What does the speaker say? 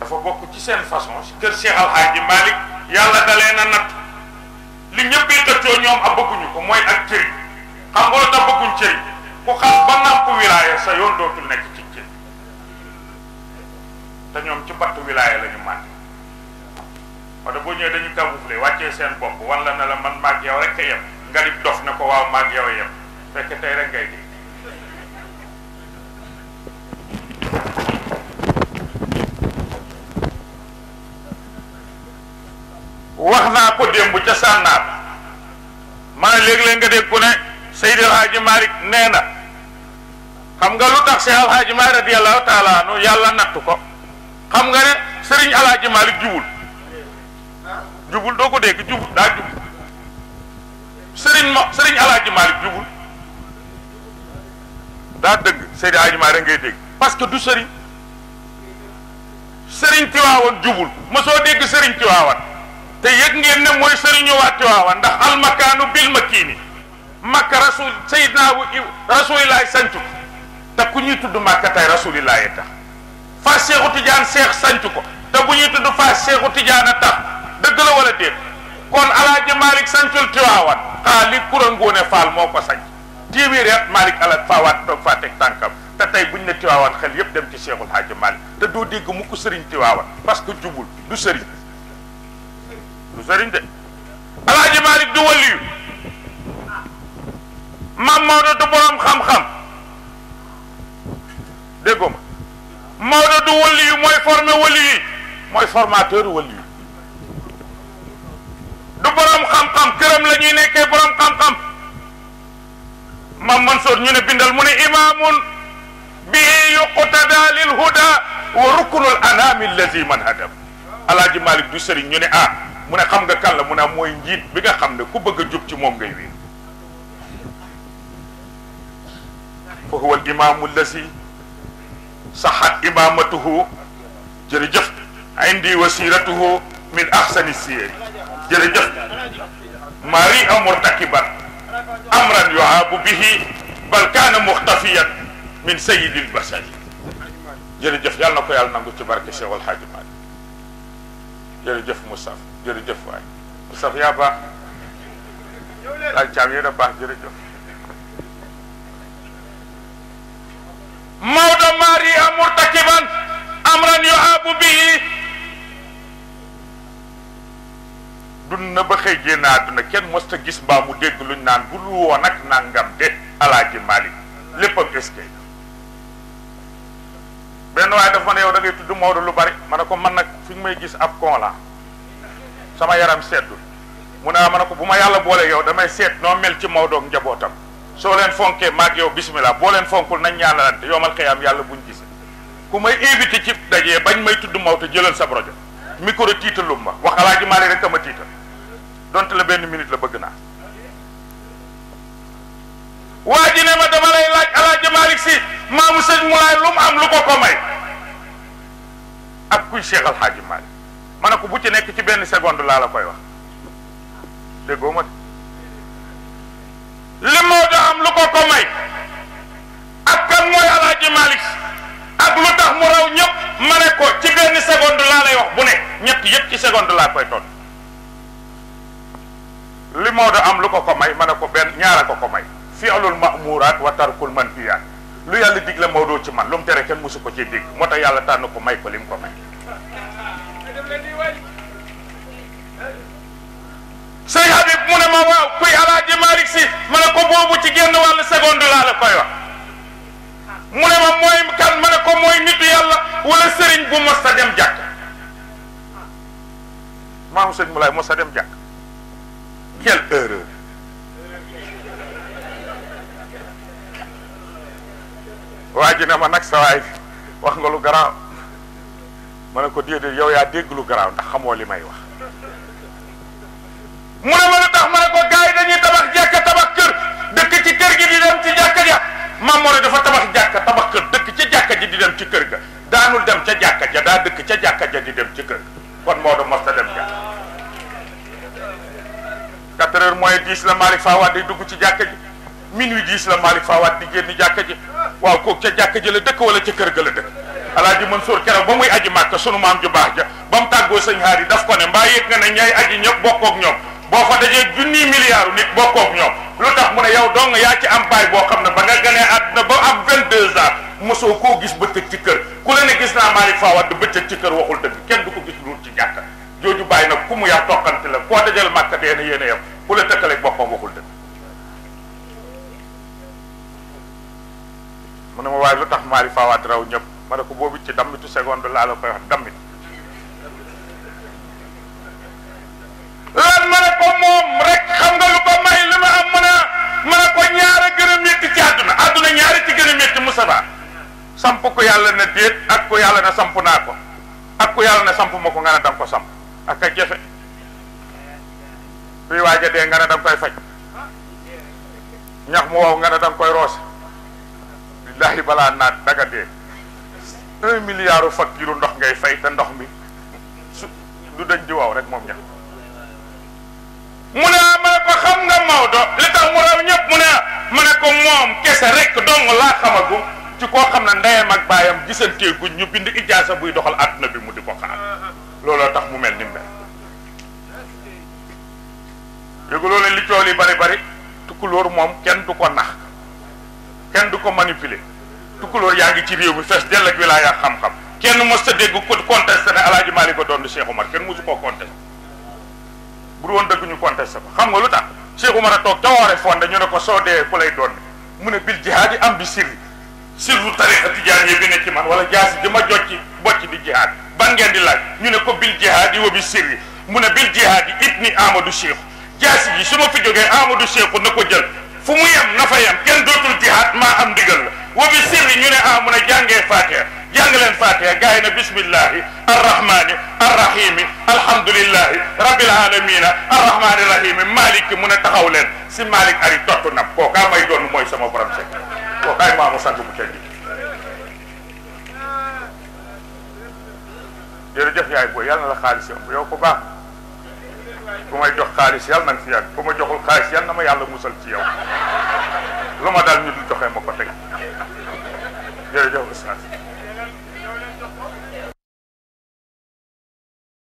dafa bokk ci seen façon kër Cheikh Al Hadji Malick yàlla dalee na natt li ñëpp yi ñoom a bëgguñu ko mooy ak cëriñ xam nga lu tax bëgguñ cëriñ ku xas ba nàmp wilaaya sa yoon dootul nekk ci cëriñ te ñoom ci battu wilaaya la màndi wala boo ñëwee dañu camoufler wàccee seen bopp walla la la man maag yow rek a yem nga di dof ne ko waaw maag yow a yem fekk tey rek ngay dégg wax naa ko démb ca sànnaar ma ne léeg-léeg nga dégg ku ne Seydi El Hadji Malick nee na xam nga lu tax Seydi El Hadji Malick radiyallahu taala ko xam nga ne Serigne El Hadji jubul jubul doo ko dégg jubul daa jubul Serigne mo Serigne El Hadji jubul daa dëgg Seydi El Hadji Malick ngay dégg parce que du Serigne Serigne Tiwaawan jubul mosoo dégg Serigne Tiwaawan. te yëg ngeen ne mooy sëriñu waa Tiwaawan ndax almakaanu bil makiini makka rasul sayidna rasulillahi sancu ko te ku ñuy tudd makka tey rasulillahi tax Fass Seexu Tijaan seex sancu ko te bu ñuy tudd Fass Seexu Tijaan a tax dëgg la wala déet kon alaaji Malick sancul Tiwaawan xaa li kura Faal moo ko sanc téeméeri at Malick alaaj faawaat toog faa teg tànkam te tey buñ ne Tiwaawan xel yépp dem ci Seexul Haaji Malick te doo dégg mukk sëriñ Tiwaawan parce que du sëriñ de alaaji Malick du waliyu maam Maodo du borom xam-xam déggoo ma Maodo du waliyu mooy formateur waliyu du borom xam-xam këram la ñuy nekkee xam-xam maam Mansour ñu bindal mu ne imaamun bihi yuqtada lil huda wa ruknul anami allazi man du sëriñ ñu ne ah mu ne xam nga kan la mu ne mooy njiit bi nga xam ne ku bëgg a jub ci moom ngay wéeru fa huwa al imaamu allazi saxat imaamatuhu jërëjëf indi wasiratuhu min ahsani siyari jërëjëf mari a murtakiban amran yuhaabu bihi bal kaana muxtafiyan min sayidil basari jërëjëf yàlla na ko yàlla nangu ci barke Cheikh Alhaaji Maalik jërëjëf Moustapha jërëjëf waay Moustapha yaa baax daal caam yéen a baax jërëjëf Maodo Maria murtakiban amran yuhaabu bihi dund na ba xëy génn àdduna kenn mos a gis mbaa mu dégg luñ naan bu lu woon ak nangam de alaaji Malick léppam eskay benn waaye dafa ma ne yow da ngay tudd Maodo lu bari ma ne ko man nag fi may gis ab kon sama yaram seddul mu ne am ne ko bu ma yàlla boole yow damay seet noo mel ci Maodo ak njabootam soo leen fonkee maag yow bismillah boo leen fonkul nañ ñaanalante yomal am yàlla buñ gise ku may invité ci dajee bañ may tudd Maodo jëlal sa rajo micro tiitalum ma wax alaaji maali rek ama tiital dont la benn minute la bëgg naa waa ji ne ma dama lay laaj alaaji maalik si maamu sëñ Mulaay lu mu am lu ko ko may ak kuy Cheikh Al Hadj Malick ma ne ko bu ci nekk ci benn seconde laa la koy wax déggoo ma li Maodo am lu ko ko may ak kan mooy Al Hadj Malick ak lu tax mu raw ñëpp ma ne ko ci benn seconde laa lay wax bu ne ñett yëpp ci seconde laa koy ton li Maodo am lu ko ko may ma ne ko benn ñaara ko ko may fi'lul ma'muuraat wa tarkul manhiyaat lu yàlla digle Maodo ci man lu mu tere kenn mosu ko ci dégg moo tax yàlla tànn ko may ko li ko may sëñ Habib mu ne ma waaw kuy alaaji Malick si ma ko boobu ci genn wàll seconde laa la koy wax mu ne ma mooy kan ma ko mooy nitu yàlla wala sëriñ bu mos a dem jàkk maamu sëñ mu laay a dem jàkk quelle erreur waa ji ma nag sa waay wax nga lu garaaw ma ne ko déedéet yow yaa dégg lu garaaw ndax xamoo li may wax mu ne ma lu tax ma ne ko gars dañuy tabax jàkka tabax kër dëkk ci kër gi di dem ci jàkka ja maam moo ne dafa tabax jàkka tabax kër dëkk ca jàkka ji di dem ci kër ga daanul dem ca jàkka ja daa dëkk ca jàkka ja di dem ci kër ga kon moo doon mos ta dem jàkka quatre heures moins dix la Malick Fawad di dugg ci jàkka ji minuit dix la Malick Fawad di génn jàkka ji waaw kook ca jàkk ji la dëkk wala ca kër ga la dëkk alaaji Mansour keroog ba muy aji màkk sunu maam ju baax ja ba mu tàggoo sëñ Haadi daf ko ne mbaa yëg nga ne ñay aji ñëpp bokkook ñoom boo fa dajee junni milliards nit bokkook ñoom lu tax mu ne yow dong yaa ci am baay boo xam ne ba nga gënee na ba am 22 ans mosoo koo gis bëccëg ci kër ku la ne gis naa Malick Fawad bëccëg ci kër waxul dëgg kenn du ko gis lu ci jàkk jooju bàyyi nag ku mu yaa toqante la koo yéen a yem ku la tëkkaleeg boppam mu ne ma waaye lu tax maari raw ñëpp ma ko boobu ci dammitu seconde laa la koy wax dammit lan ma ko moom rek xam nga lu ba may li ma am mën a a ko ñaar a gën a métti ci àdduna àdduna ñaari ci gën a métti musaba samp ko yàlla na déet ak ko yàlla na samp naa ko ak ko yàlla na samp ma ko nga ne danga ko samp ak a jafe kuy waaja dee nga ne danga koy faj ñax mu wow nga ne danga koy roose billahi balaa naat daga dee un milliard facture ndox ngay fay te ndox mi su du dañ di waaw rek moom ñax mu ne ma ne ko xam nga Maodo li tax mu raw ñëpp mu ne ma ne ko moom kese rek dong laa xamagum ci koo xam ne ndeyam ak baayam gisanteeguñ ñu bind ijaasa buy doxal àdduna bi mu di ko xaar looloo tax mu mel ni mel yëgu loolu li cool yi bari bari tukkulóor moom kenn du ko nax kenn du ko manipuler tukulóor yaa ngi ci réew bi fees dell a wilaaya xam-xam kenn mos sa dégg ko contesté ne alaaji Maalik ko doon Cheikh Omar kenn mosu koo contesté bu dëgg ñu contesté ko xam nga lu tax Cheikh Omar a toog ca woore fonde ñu ne ko soo dee ku lay doon mu ne bil jihaadi am bi sirri sirru tariqa tijaaniyya bi ne ci man wala jaasi ji ma jocci bocc di jihaad ban ngeen di laaj ñu ne ko bil jihaadi wa bi sirri mu ne bil jihaadi ibni Amadou Cheikh jaasi ji su ma fi jógee Amadou Cheikh na ko jël fu mu yem na fa yem kenn dootul am ndigal la wa bi sirri ñu ne ah mun a jàngee fatiha jàng fatiha gars yi ne bismillahi arrahmani arrahimi alhamdulillahi rabbil alamina arrahmani rahimi malik mun a taxaw leen si malik ari tott nap kookaa doon mooy sama borom sek kookaay maamu sang bu tedd xaalis ku may jox xaalis yàlla nanga si yàgg ku ma joxul xaalis yàlla na ma yàlla musal ci yow lu ma daal ñu dul joxe ma ko teg jërëjëf ustaas